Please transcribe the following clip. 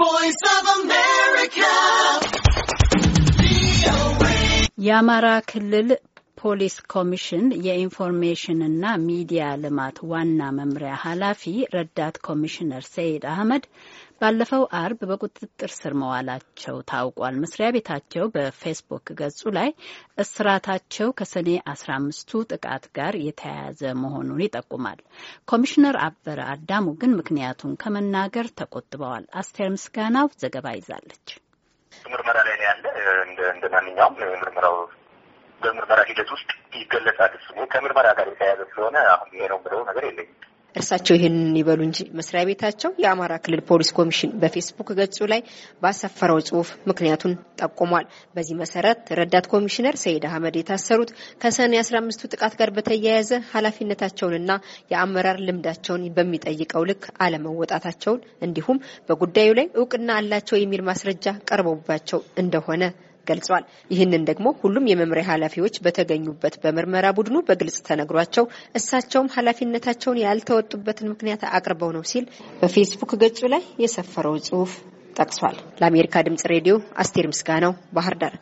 voice of America የአማራ ክልል ፖሊስ ኮሚሽን የኢንፎርሜሽንና ሚዲያ ልማት ዋና መምሪያ ኃላፊ ረዳት ኮሚሽነር ሰይድ አህመድ ባለፈው አርብ በቁጥጥር ስር መዋላቸው ታውቋል። መስሪያ ቤታቸው በፌስቡክ ገጹ ላይ እስራታቸው ከሰኔ አስራ አምስቱ ጥቃት ጋር የተያያዘ መሆኑን ይጠቁማል። ኮሚሽነር አበረ አዳሙ ግን ምክንያቱን ከመናገር ተቆጥበዋል። አስቴር ምስጋናው ዘገባ ይዛለች። ምርመራ ላይ ነው ያለ እንደ ማንኛውም ምርመራው በምርመራ ሂደት ውስጥ ይገለጻል። ስሙ ከምርመራ ጋር የተያያዘ ስለሆነ አሁን ይሄ ነው ብለው ነገር የለኝም። እርሳቸው ይህንን ይበሉ እንጂ መስሪያ ቤታቸው የአማራ ክልል ፖሊስ ኮሚሽን በፌስቡክ ገጹ ላይ ባሰፈረው ጽሁፍ ምክንያቱን ጠቁሟል። በዚህ መሰረት ረዳት ኮሚሽነር ሰይድ አህመድ የታሰሩት ከሰኔ 15 አምስቱ ጥቃት ጋር በተያያዘ ኃላፊነታቸውንና የአመራር ልምዳቸውን በሚጠይቀው ልክ አለመወጣታቸውን እንዲሁም በጉዳዩ ላይ እውቅና አላቸው የሚል ማስረጃ ቀርቦባቸው እንደሆነ ገልጿል። ይህንን ደግሞ ሁሉም የመምሪያ ኃላፊዎች በተገኙበት በምርመራ ቡድኑ በግልጽ ተነግሯቸው እሳቸውም ኃላፊነታቸውን ያልተወጡበትን ምክንያት አቅርበው ነው ሲል በፌስቡክ ገጹ ላይ የሰፈረው ጽሁፍ ጠቅሷል። ለአሜሪካ ድምጽ ሬዲዮ አስቴር ምስጋናው ባህር ዳር